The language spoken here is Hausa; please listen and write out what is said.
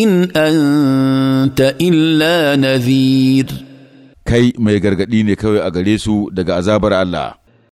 in anta illa nadhir kai mai gargadi ne kawai a gare su daga azabar Allah